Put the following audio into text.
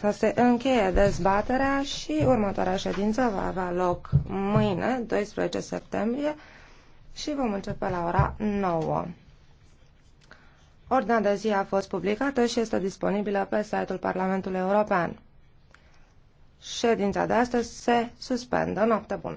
să se încheie dezbaterea și următoarea ședință va avea loc mâine, 12 septembrie, și vom începe la ora 9. Ordinea de zi a fost publicată și este disponibilă pe site-ul Parlamentului European. Ședința de astăzi se suspendă. Noapte bună!